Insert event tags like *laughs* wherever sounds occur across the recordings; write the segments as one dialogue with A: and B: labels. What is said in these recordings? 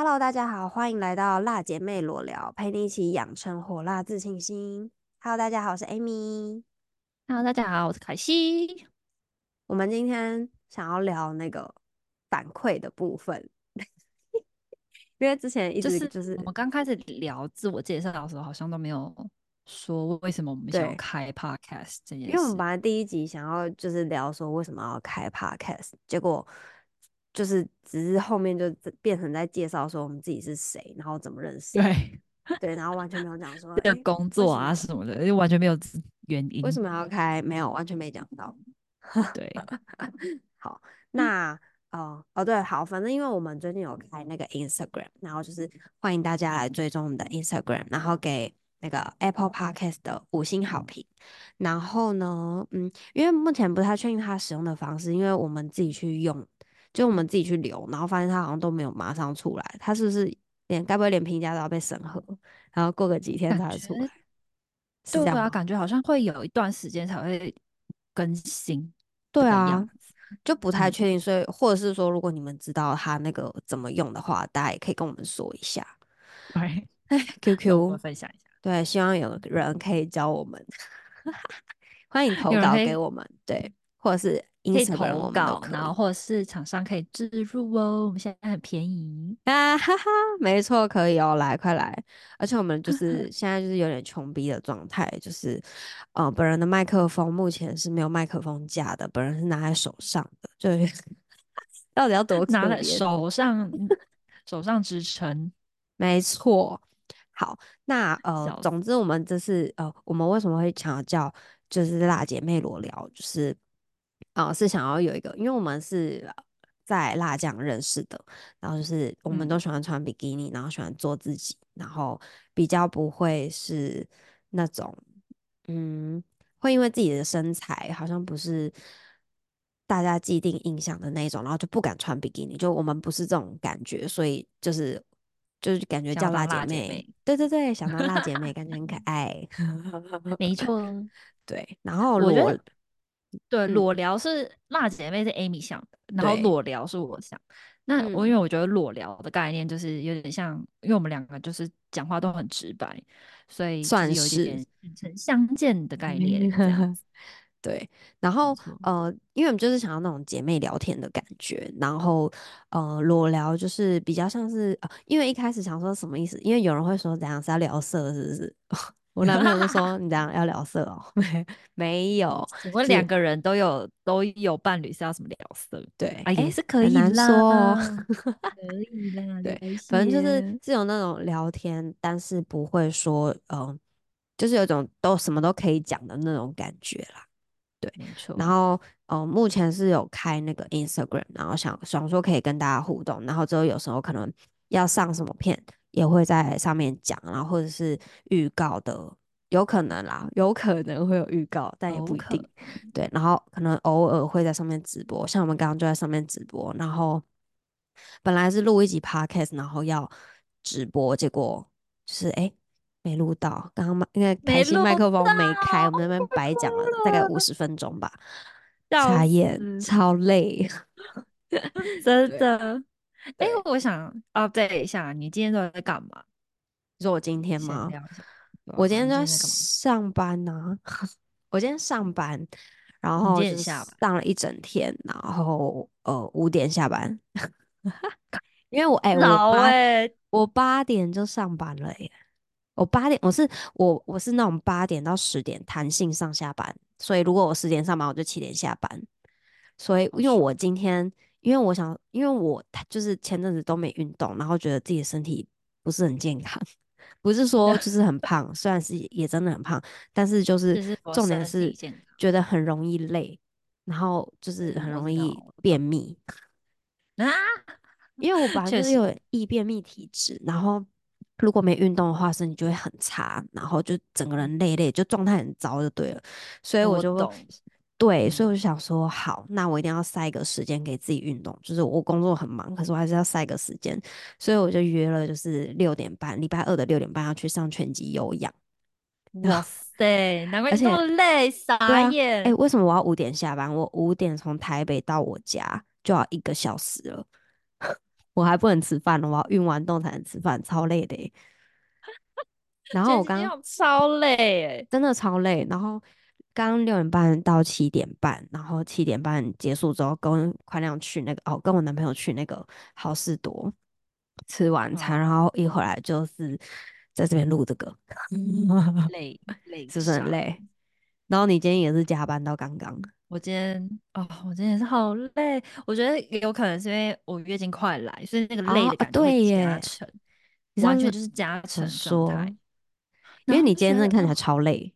A: Hello，大家好，歡迎來到辣姊妹裸聊，陪你一起養成火辣自信心。Hello，大家好，我是 Amy。Hello，大家好，我是凱西。我們今天想要聊那個反饋的部分， *laughs* 因為之前一直就是，就是我們剛開始
B: 聊自我介紹的時候，好像都沒有說為什麼我們想要開 Podcast 這件事。因為我
A: 們本來第一集想要就是聊說為什麼要開 Podcast，結果。就是只是後面就變成在介紹說我們自己是誰，然後怎麼認識。對對，然後完全沒有講說有工作啊、欸、為什麼什麼
B: 的，就完全沒有原因。為什麼
A: 要開？沒有，完全沒講到。對， *laughs* 好，那、嗯、哦哦對，好，反正因為我們最近有開那個 Instagram，然後就是歡迎大家來追蹤我們的 Instagram，然後給那個 Apple Podcast 的五星好評。嗯、然後呢，嗯，因為目前不太確定他使用的方式，因為我們自己去用。就我們自己去留，然後發現他好像都沒有馬上出來，他是不是連該不會連評價都要被審核，然後過個幾天才出來？感覺，
B: 是這樣嗎？對啊，感覺好像會有一段時間才
A: 會更新。對啊，就不太確定。嗯。所以或者是說，如果你們知道他那個怎麼用的話，大家也可以跟我們說一下。
B: 哎 Right. *laughs* ，QQ *laughs* 分享一
A: 下。對，希望有人可以教我們。 *laughs* 歡迎投稿給我們，對，或者是。可以投稿，然
B: 後或者是廠商可以置入哦。我們現在很便宜
A: 啊，哈哈，沒錯，可以哦，來，快來！而且我們就是 *laughs* 現在就是有點窮逼的狀態，就是呃，本人的麥克風目前是沒有麥克風架的，本人是拿在手上的。是
B: *laughs* 到底要
A: 多拿在手
B: 上？ *laughs* 手上支撐，
A: 沒錯。好，那呃，道總之我們這次呃，我們為什麼會強調就是辣姊妹裸聊就是？啊、哦，是想要有一個，因為我們是在辣醬認識的，然後就是我們都喜歡穿比基尼，嗯、然後喜歡做自己，然後比較不會是那種，嗯，會因為自己的身材好像不是大家既定印象的那種，然後就不敢穿比基尼，就我們不是這種感覺，所以就是就是感覺叫辣姐妹，姐妹對對對，想到辣姐妹 *laughs* 感覺很可愛，沒錯，對，然後如果我。對裸聊是、嗯、
B: 辣姊妹是 Amy 想
A: 的，然後裸聊是我
B: 想。對那我因為我覺得裸聊的概念就是有點像，嗯、因為我們兩個就是講話
A: 都很直白，
B: 所以算是有點
A: 坦誠相見的概念。算是 *laughs* 對，然後呃，因為我們就是想要那種姐妹聊天的感覺，然後、嗯、呃，裸聊就是比較像是、呃，因為一開始想說什麼意思？因為有人會說這樣是要聊色，是不是？ *laughs* *laughs* 我男朋友就說：“你這樣要聊色哦、喔？ *laughs* 沒有，是我們兩個人都有都有伴侶，是要什麼聊色？對，也、欸欸、是可以說，可以啦。對，謝謝。反正就是是有那種聊天，但是不會說，嗯、呃，就是有種都什麼都可以講的那種感覺啦。對，沒錯錯。然後，嗯、呃，目前是有開那個 Instagram，然後想想說可以跟大家互動，然後之後有時候可能要上什麼片。”也會在上面講，然後或者是預告的，有可能啦，有可能會有預告，但也不一定。一定對，然後可能偶爾會在上面直播，像我們剛剛就在上面直播，然後本來是錄一集 podcast，然後要直播，結果就是哎、欸、沒錄到，剛剛因為開心麥克風沒開，沒我們那邊白講了，了大概五十分鐘吧，插眼是超累， *laughs* *laughs* 真的。
B: 哎對、欸，我想啊，對一下，你今天都在幹嘛？你說我
A: 今天嗎？我，我今天在上班呢，啊。今 *laughs* 我今天上班，然後上了一整天，然後呃五點下班。 *laughs* 因為我哎、欸，我八，欸，我八點就上班了耶，欸。我八點我是我我是那種八點到十點彈性上下班，所以如果我十點上班，我就七點下班。所以因為我今天。因為我想，因為我就是前陣子都沒運動，然後覺得自己的身體不是很健康，不是說就是很胖， *laughs* 雖然是也真的很胖，但是就是重點是覺得很容易累，然後就是很容易便秘啊，因為我本來就是有易便秘體質，實然後如果沒運動的話，身體就會很差，然後就整個人累累，就狀態很糟就對了，所以我就會。我對，所以我就想說，好，那我一定要塞個時間給自己運動。就是我工作很忙，可是我還是要塞個時間，所以我就約了，就是六點半，禮拜二的六點半要去上拳擊有氧。哇塞，
B: 難怪你超累且傻眼。哎、啊欸，為
A: 什麼我要五點下班？我五點從台北到我家就要一個小時了， *laughs* 我還不能吃飯了，我要運完動才能吃飯，超累的、欸。然後我剛剛超累、欸，哎，真的超累，然後。剛六點半到七點半，然後七點半結束之後，跟快亮去那個哦，跟我男朋友去那個好市多吃晚餐，哦，然後一回來就是在這邊錄這個，
B: 累 *laughs* 累，是不是很累？累
A: 上然後你今天也是加班到剛剛，
B: 我今天哦，我今天也是好累，我覺得有可能是因為我月經快來，所以那個累的感覺加
A: 成，哦啊，對耶完全就是加成狀態。哇後因為你今天真的看起來超累。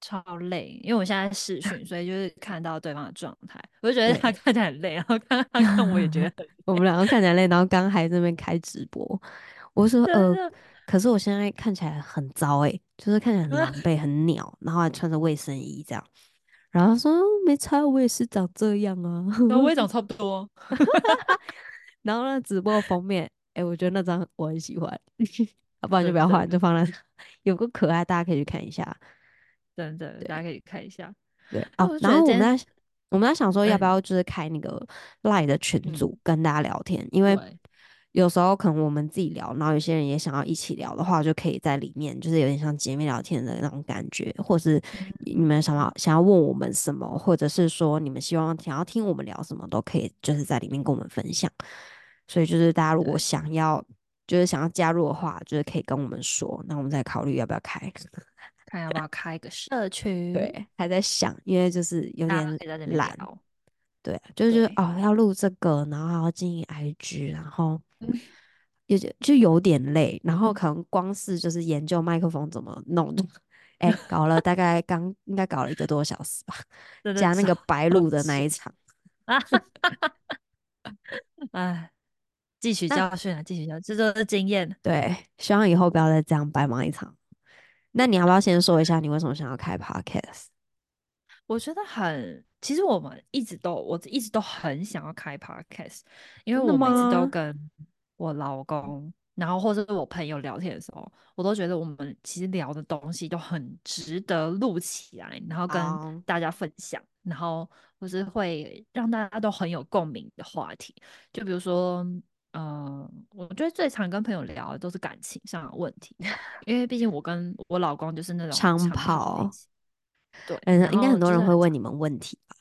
B: 超累，因為我現在視訊，所以就是看到對方的狀態， *laughs* 我就覺得對他看起來很累，然後看
A: 看我也覺得很、嗯、我們兩個看起來累，然後剛還在那邊開直播，我說對呃，對可是我現在看起來很糟誒、欸，對就是看起來很狼狽，對很鳥，然後還穿着衛生衣這樣，然後他說沒差，我也是長這樣啊，那 *laughs* 我也長差不多， *laughs* *laughs* 然後那直播封面，哎、欸，我覺得那張我很喜歡，要 *laughs* 不然就不要換，就放在有個可愛，大家可以去看一下。等等，對大家可以看一下。對啊、哦，然後我們在對我們在想說，要不要就是開那個 Line 的群組對，跟大家聊天。嗯、因為有時候可能我們自己聊，然後有些人也想要一起聊的話，就可以在裡面，就是有點像姐妹聊天的那種感覺。或是你們想要對想要問我們什麼，或者是說你們希望想要聽我們聊什麼，都可以就是在裡面跟我們分享。所以就是大家如果想要對就是想要加入的話，就是可以跟我們說，那我們再考慮要不要開。
B: 看要不要開一個社區？對，還在想，
A: 因為就是有點懶。對，就是哦，要錄這個，然後要經營 IG，然後又就有點累。然後可能光是就是研究麥克風怎麼弄，哎，搞了大概剛應該搞了一個多小時吧，加那個白錄的那一場。
B: 哎，吸取教訓啊，吸取教，這就是經驗。
A: 對，希望以後不要再這樣白忙一場。那你要不要先說一下你為什麼想要開 podcast？
B: 我覺得很，其實我們一直都，我一直都很想要開 podcast，因為我每次都跟我老公，然後或者是我朋友聊天的時候，我都覺得我們其實聊的東西都很值得錄起來，然後跟大家分享，Oh. 然後或是會讓大家都很有共鳴的話題，就比如說。嗯，我覺得最常跟朋友聊的都是感情上的問題，因為畢竟我跟我老公就是那種很長的長跑。
A: 對，嗯，應該很多人會問你們問題吧？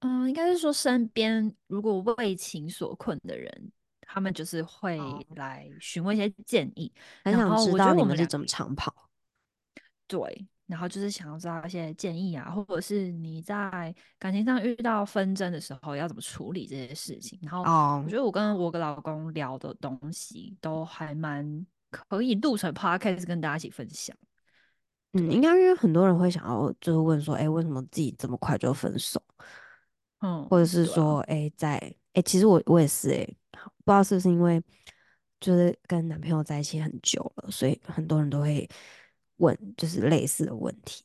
B: 嗯，應該是說身邊如果為情所困的人，他們就是會來詢問一些建議。哦，很想知道你們是怎麼長跑。對。然後就是想要知道一些建議啊，或者是你在感情上遇到紛爭的時候，要怎麼處理這些事情。然後我覺得我跟我跟老公聊的東西都還蠻可以錄成 podcast 跟大家一起分享。
A: 嗯，應該因為很多人會想要就是問說，欸，為什麼自己這麼快就分手？嗯，或者是說，對，欸，在，欸，其實我我也是欸，不知道是不是因為就是跟男朋友在一起很久了，所以很多人都會。問就是類似的問題，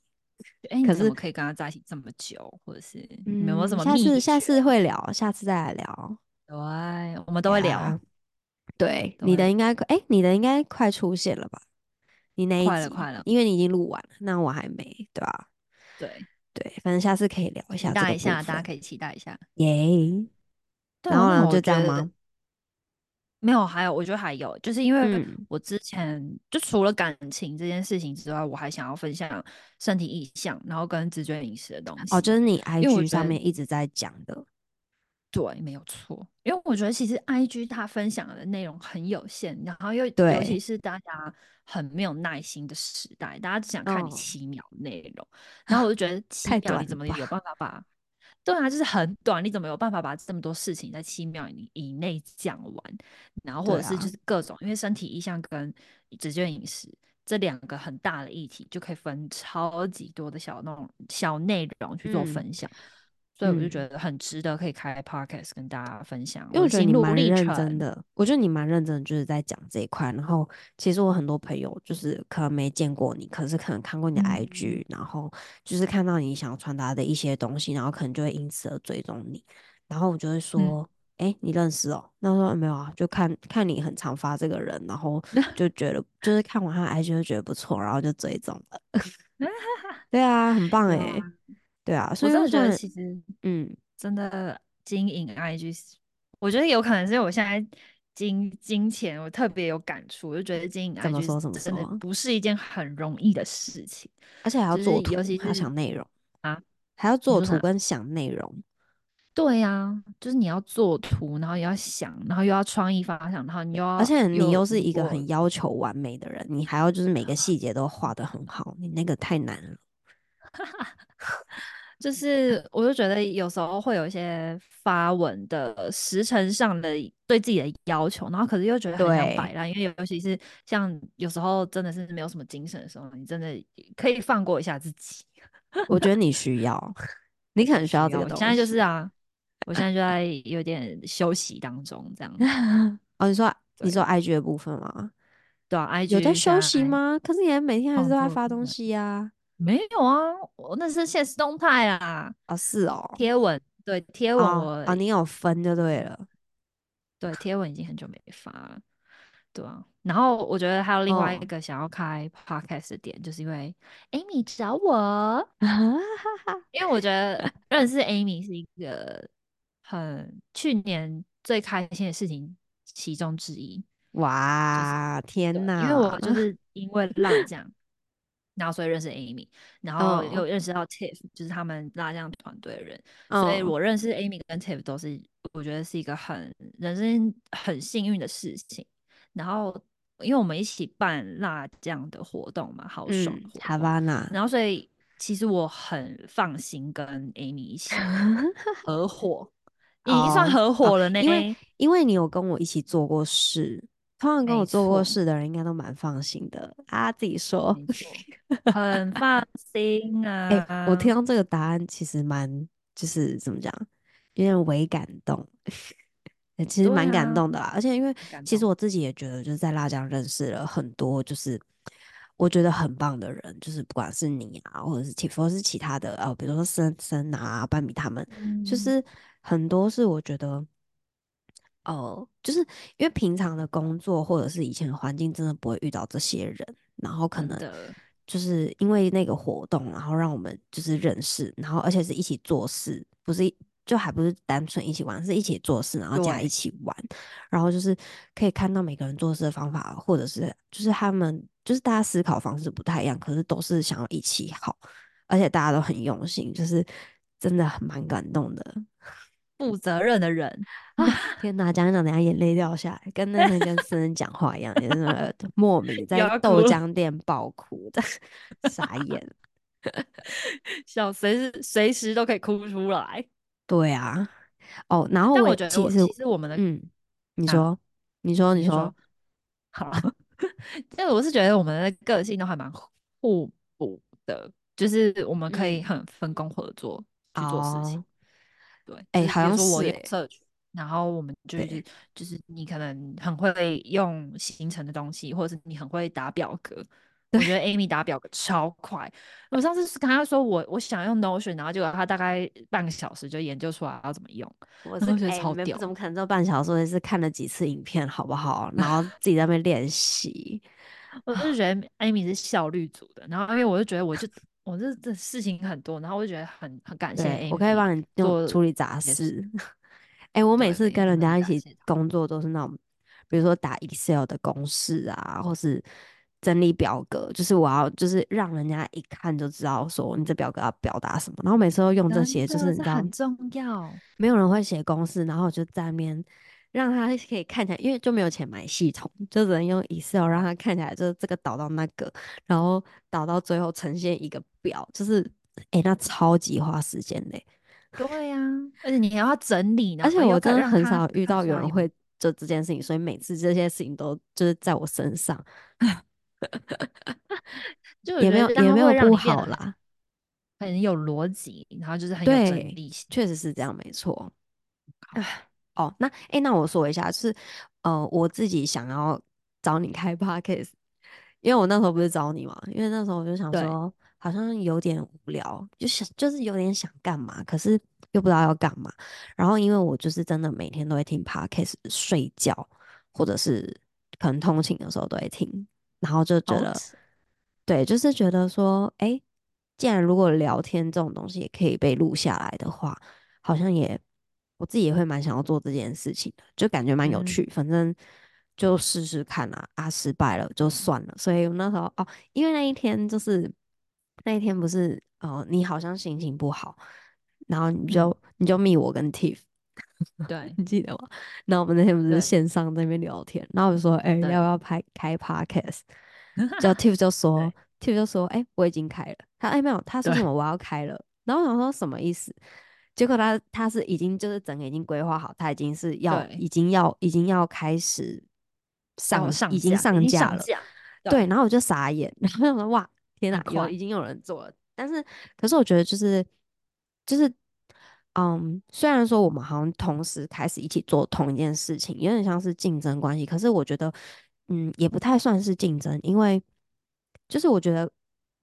B: 可是怎麼可以跟他在一起這麼久，或者是有沒有什麼？下次下
A: 次會聊，下次再來聊。
B: 對，我們都會聊。
A: 對，你的應該哎，你的應該快出現了吧？你那一集快了，快了，因為你已經錄完了，那我還沒，對吧？對對，反正下次可以聊一下，期待一下，大家可以期待一下耶。
B: 然後呢，就這樣嗎？沒有，還有，我覺得還有，就是因為我之前、嗯、就除了感情這件事情之外，我還想要分享身體意象，然後跟直覺飲食的東西。哦，就是你 IG 上面一直在講的，對，沒有錯。因為我覺得其實 IG 它分享的內容很有限，然後又尤其是大家很沒有耐心的時代，對大家只想看你七秒內容，哦、然後我就覺得七秒你怎麼有辦法把？對啊，就是很短，你怎麼有辦法把這麼多事情在七秒以內講完？然後或者是就是各種，啊、因為身體意象跟直覺飲食這兩個很大的議題，就可以分超級多的小那種小內
A: 容去做分享。嗯所以我就覺
B: 得很值得可以開 podcast、嗯、跟大家分享，因為我覺得你蠻認真的，
A: 我覺得你蠻認真，就是在講這一塊。然後其實我很多朋友就是可能沒見過你，可是可能看過你的 IG，嗯、然後就是看到你想要傳達的一些東西，然後可能就會因此而追蹤你。然後我就會說：“哎、嗯欸，你認識哦、喔？”那我說、欸：“沒有啊，就看看你很常發這個人，然後就覺得 *laughs* 就是看完他的 IG 就覺得不錯，然後就追蹤了。 *laughs* ”對啊，很棒哎、欸。 *laughs* 對啊，所以我覺得其實，嗯，
B: 真的經營 IG，我覺得有可能是因為我現在金金錢我特別有感觸，我就覺得經營 IG 怎麼說怎麼說，真的不是一件很容易
A: 的事情，而且還要做圖，還要想內容啊，就是、啊還要做圖跟想內容。
B: 對呀、啊，就是你要做圖，然後也要想，然後又要創意發想，然後你又要，而且你又是一個很
A: 要求完美的人，嗯、你還要就是每個細節都畫得很好，你那個太難了。 *laughs*
B: 就是，我就覺得有時候會有一些發文的時程上的對自己的要求，然後可是又覺得很想擺爛，對因為尤其是像有時候真的是沒有什麼精神的時候，你真的可以放過一下自己。
A: 我覺得你需要， *laughs* 你可能需要這個東西。我現在就是啊，
B: 我現在就在有點休息
A: 當中這樣子。 *laughs* 哦，你說對你說 IG 的部分嗎？對啊，IG 在有在休
B: 息嗎？嗯，可是你還每天還是都在發東西呀？啊。嗯嗯嗯沒有啊，我那是限時動態啊啊是哦，貼文對貼文啊、哦哦，你
A: 有分就對了，
B: 對貼文已經很久沒發了，對啊。然後我覺得還有另外一個想要開 podcast 的點，哦、就是因為 Amy 找我， *laughs* 因為我覺得認識 Amy 是一個很去年最開心的事情其中之一。
A: 哇、就是、天哪，因為我就是
B: 因為辣這 *laughs* 然後所以認識 Amy，然後又認識到 Tiff，Oh. 就是他們辣醬團隊的人。Oh. 所以我認識 Amy 跟 Tiff 都是我覺得是一個很人生很幸運的事情。然後因為我們一起辦辣醬的活動嘛，好
A: 爽，好棒啊！然
B: 後所以其實我很放心跟 Amy 一起合夥，
A: 已經 *laughs* *laughs* 算合夥了呢。Oh. Oh, 因為因為你有跟我一起做過事。通常跟我做過事的人應該都蠻放心的，阿弟說
B: 很放心啊。欸，我聽到
A: 這個答案其實蠻，就是怎麼講，有點微感動。其實蠻感動的啦，啊、而且因為其實我自己也覺得，就是在辣椒認識了很多，就是我覺得很棒的人，就是不管是你啊，或者是 Tiff 或是其他的啊，比如說森森啊、班比他們，嗯、就是很多是我覺得。哦，oh, 就是因為平常的工作或者是以前的環境，真的不會遇到這些人。然後可能就是因為那個活動，然後讓我們就是認識，然後而且是一起做事，不是就還不是單純一起玩，是一起做事，然後加一起玩。對然後就是可以看到每個人做事的方法，或者是就是他們就是大家思考方式不太一樣，可是都是想要一起好，而且大家都很用心，就是真的很蠻感動的。負責任的人啊！天哪，講講，等下眼淚掉下來，跟那那那私人講話一樣，你 *laughs* 在莫名在豆漿店爆哭的哭傻眼，
B: 小隨 *laughs* 時隨時都可以哭出來。
A: 對啊，哦，然後我，我覺得我其實其實我們的嗯，你說，啊、你說，你說，你
B: 說，好，這 *laughs* 我是覺得我們的個性都還蠻互補的，就是我們可以很分工合作、嗯、去做事情。嗯對，哎，好像說我有 s 然後，我們就是就是你可能很會用行程的東西，或者是你很會打表格。我覺得 Amy 打表格超快，我上次是跟他說我我想用 Notion，然後就他大概半個小時就研究出來要怎麼用。
A: 我覺得超屌。怎麼可能做半小時？也是看了幾次影片好不好？然後自己在那邊練習。
B: 我就覺得 Amy 是效率組的，然後因為我就覺得我就。我、哦，這這事情很多，然後我就覺得很很感謝。對，我可以幫你做處理雜事。
A: 哎是、 *laughs* 欸，我每次跟人家一起工作都是那種，比如說打 Excel 的公式啊，或是整理表格，就是我要就是讓人家一看就知道說你這表格要表達什麼。然後每次都用這些，就是，是你知道很
B: 重要，
A: 沒有人會寫公式，然後我就在那邊。讓他可以看起來因為就沒有錢買系統，就只能用 Excel 讓他看起來，就是這個導到那個，然後導到最後呈現一個表，就是哎、欸，那超級花時間的、欸、
B: 對呀、啊，而且你還要整理呢。而且我真的很少遇到有人會
A: 做這件事情，所以每次這些事情都就是在我身上。就 *laughs* 也沒有也沒有不好啦，很有邏輯，然後就是很有整理性，確實是這樣，沒錯。哦，oh, 那哎、欸，那我說一下，就是呃，我自己想要找你開 podcast 因為我那時候不是找你嘛，因為那時候我就想說，對好像有點無聊，就想就是有點想幹嘛，可是又不知道要幹嘛。然後，因為我就是真的每天都會聽 podcast 睡覺或者是可能通勤的時候都會聽，然後就覺得，oh. 對，就是覺得說，哎、欸，既然如果聊天這種東西也可以被錄下來的話，好像也。我自己也會蠻想要做這件事情的，就感覺蠻有趣，嗯、反正就試試看啊啊，失敗了就算了。所以我那時候哦，因為那一天就是那一天不是哦，你好像心情不好，然後你就、嗯、你就密我跟 Tiff，對， *laughs* 你記得嗎？然後我們那天不是線上在那邊聊天，對然後我就說：“哎、欸，對要不要拍開 Podcast？” 就 Tiff *laughs* 就說：“Tiff 就說，哎對、欸，我已經開了。他說”他、欸、哎沒有，他說什麼對我要開了，然後我想說什麼意思？結果他他是已經就是整個已經規劃好，他已經是要、對已經要、已經要開始上、嗯、已經上架、已經上架了，架，對，對。然後我就傻眼，然後我說：“哇，天哪，有已經有人做了。” *laughs* 但是，可是我覺得就是就是，嗯，雖然說我們好像同時開始一起做同一件事情，有點像是競爭關係。可是我覺得，嗯，也不太算是競爭，因為就是我覺得，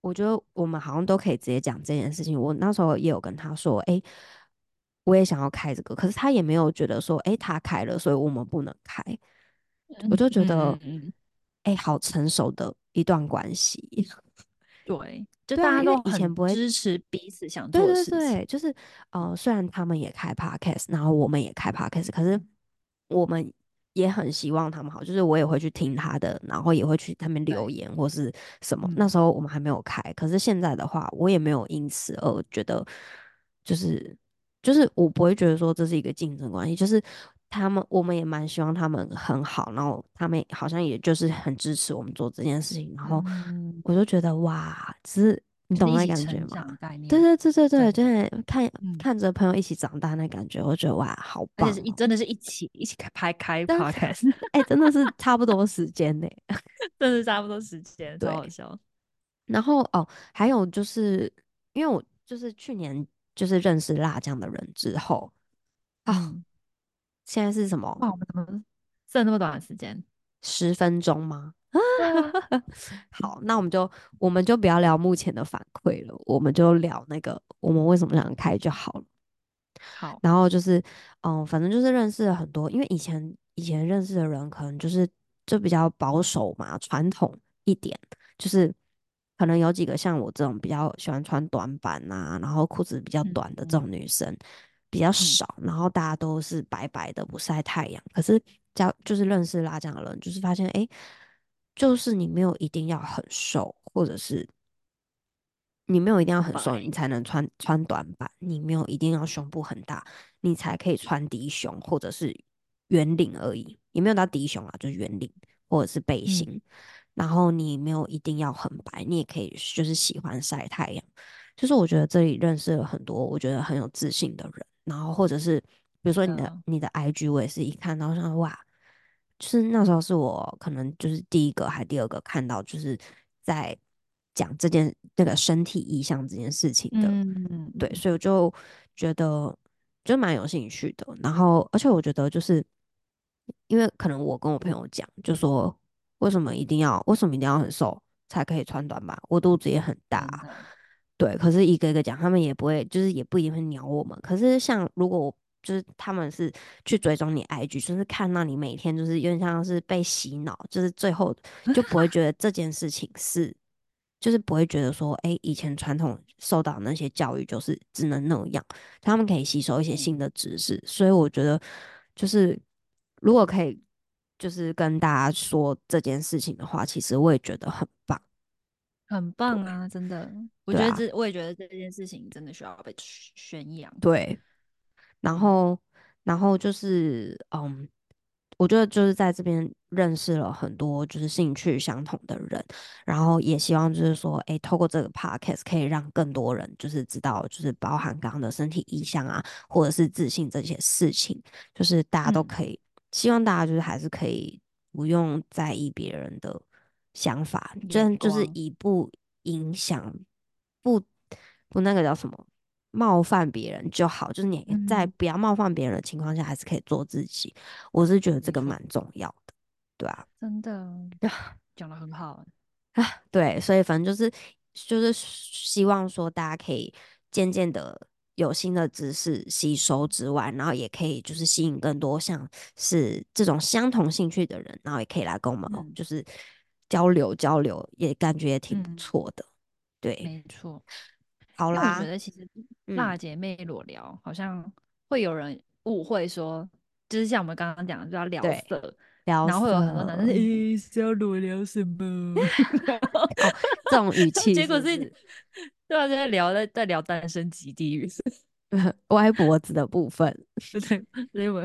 A: 我覺得我們好像都可以直接講這件事情。我那時候也有跟他說：“哎、欸。”我也想要開這個，可是他也沒有覺得說，哎、欸，他開了，所以我們不能開。嗯、我就覺得，哎、嗯欸，好成熟的一段關係。
B: 對，就大家都以前不會支持彼此想做的事情。對對
A: 對，就是呃，雖然他們也開 podcast，然後我們也開 podcast，、嗯、可是我們也很希望他們好。就是我也會去聽他的，然後也會去他們留言或是什麼。對那時候我們還沒有開，可是現在的話，我也沒有因此而覺得就是。嗯就是我不會覺得說這是一個競爭關係，就是他們我們也蠻希望他們很好，然後他們好像也就是很支持我們做這件事情，然後我就覺得哇，只是你懂那感覺嗎？對對對對對，對對對，真的，看看着朋友一起長大的感覺，我覺得哇，好棒、喔！而且
B: 真的是一起一起開拍
A: 開 podcast，哎、 *laughs* 欸，真的是差不多時間呢、欸，真的 *laughs* 差不多時間，好笑。對，然後哦，還有就是因為我就是去年。就是認識辣醬的人之後啊，oh. 現在是什麼？Oh. 剩那麼短的時間？十分鐘嗎？ *laughs* *laughs* 好，那我們就我們就不要聊目前的反饋了，我們就聊那個我們為什麼想開就好了。好，oh. 然後就是嗯，反正就是認識了很多，因為以前以前認識的人可能就是就比較保守嘛，傳統一點，就是。可能有幾個像我這種比較喜歡穿短版啊，然後褲子比較短的這種女生、嗯、比較少，然後大家都是白白的不曬太陽。嗯、可是交就是認識辣這樣的人，就是發現哎、欸，就是你沒有一定要很瘦，或者是你沒有一定要很瘦，你才能穿、嗯、穿短版；你沒有一定要胸部很大，你才可以穿低胸或者是圓領而已。你沒有到低胸啊，就是圓領或者是背心。嗯然後你沒有一定要很白，你也可以就是喜歡曬太陽。就是我覺得這裡認識了很多我覺得很有自信的人，然後或者是比如說你的、嗯、你的 IG，我也是一看到上哇，就是那時候是我可能就是第一個還第二個看到就是在講這件、嗯、那個身體意象這件事情的、嗯嗯，對，所以我就覺得就蠻有興趣的。然後而且我覺得就是因為可能我跟我朋友講，就是、說。為什麼一定要，為什麼一定要很瘦才可以穿短版？我肚子也很大啊，對。可是一個一個講，他們也不會，就是也不一定會鳥我們。可是像如果我就是他們是去追蹤你 IG，就是看到你每天就是有點像是被洗腦，就是最後就不會覺得這件事情是， *laughs* 就是不會覺得說，哎、欸，以前傳統受到那些教育就是只能那樣，他們可以吸收一些新的知識。所以我覺得就是如果可以。就是跟大家說這件事情的話，其實我也覺得很棒，很棒啊！真的，啊、我覺得這，
B: 我也覺得這件事情真的需要被宣揚。對，
A: 然後，然後就是，嗯，我覺得就是在這邊認識了很多就是興趣相同的人，然後也希望就是說，哎、欸，透過這個 podcast 可以讓更多人就是知道，就是包含剛剛的身體意象啊，或者是自信這些事情，就是大家都可以、嗯。希望大家就是還是可以不用在意別人的想法，真光就，就是以不影響、不不那個叫什麼冒犯別人就好，就是你在不要冒犯別人的情況下，還是可以做自己。嗯、我是覺得這個蠻重要的，對吧？啊。真的，講得 *laughs* 很好啊、欸。 *laughs* 對，所以反正就是就是希望說大家可以漸漸的。有新的知識吸收之外，然後也可以就是吸引更多像是這種相同興趣的人，然後也可以來跟我們就是交流交流，也感覺也挺不錯的。嗯、對，沒錯。好啦，我覺得其
B: 實辣姊妹裸聊、嗯、好像會有人誤會說，就是像我們剛剛講的，就要聊色。聊，
A: 然後會有很多男生，咦，裸聊聊什麼？這
B: 種語氣， *laughs* 結果是，對啊，在聊，在在聊單身即地獄，
A: *laughs* 歪脖子的部分。是的，所以我，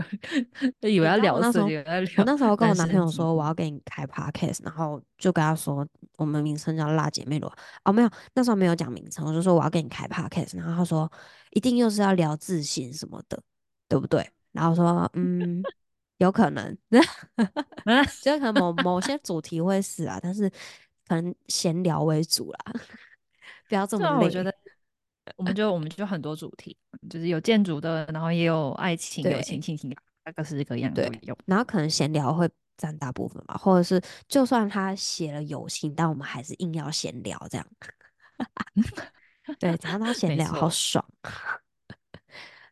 A: 以為要聊，那時候我那時候跟我男朋友說，我要跟你開 Podcast，然後就跟他說，我們名稱叫辣姊妹羅。哦，沒有，那時候沒有講名稱，我就說我要跟你開 Podcast，然後他說一定又是要聊自信什麼的，對不對？然後說，嗯。 *laughs* 有可能，就可能某某些主題會死啊，但是可能閒聊為主啦。
B: 不要這麼我覺得，我們就我們就很多主題，就是有建築的，然後也有愛情、友情、親情，各式
A: 各樣。大概是這個樣子，然後可能閒聊會占大部分吧，或者是就算他寫了友情，但我們還是硬要閒聊這樣。對，只要他閒聊，好爽。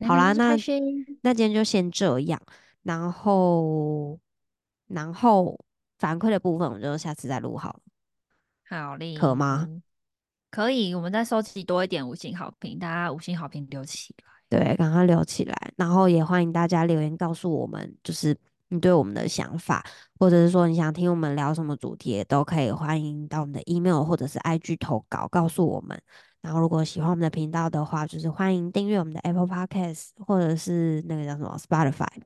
A: 好啦，那那今天就先這樣。然後，然後反饋的部分我們就下次再錄好了。
B: 好嘞，可嗎？可以，我們再收集多一點五星好評，大家五星好評留
A: 起來，對，趕快留起來。然後也歡迎大家留言告訴我們，就是你對我們的想法，或者是說你想聽我們聊什麼主題，也都可以歡迎到我們的 email 或者是 IG 投稿告訴我們。然後如果喜歡我們的頻道的話，就是歡迎訂閱我們的 Apple Podcast 或者是那個叫什麼 Spotify。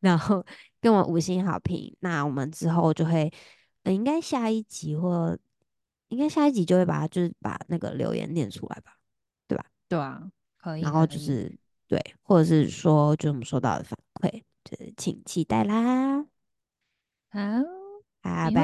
A: 然後跟我五星好評，那我們之後就會，呃、應該下一集或應該下一集就會把就是把那個留言念出來吧，對吧？對啊，可以。然後就是以對，或者是說就是我們收到的反饋，就是請期待啦，好，拜拜。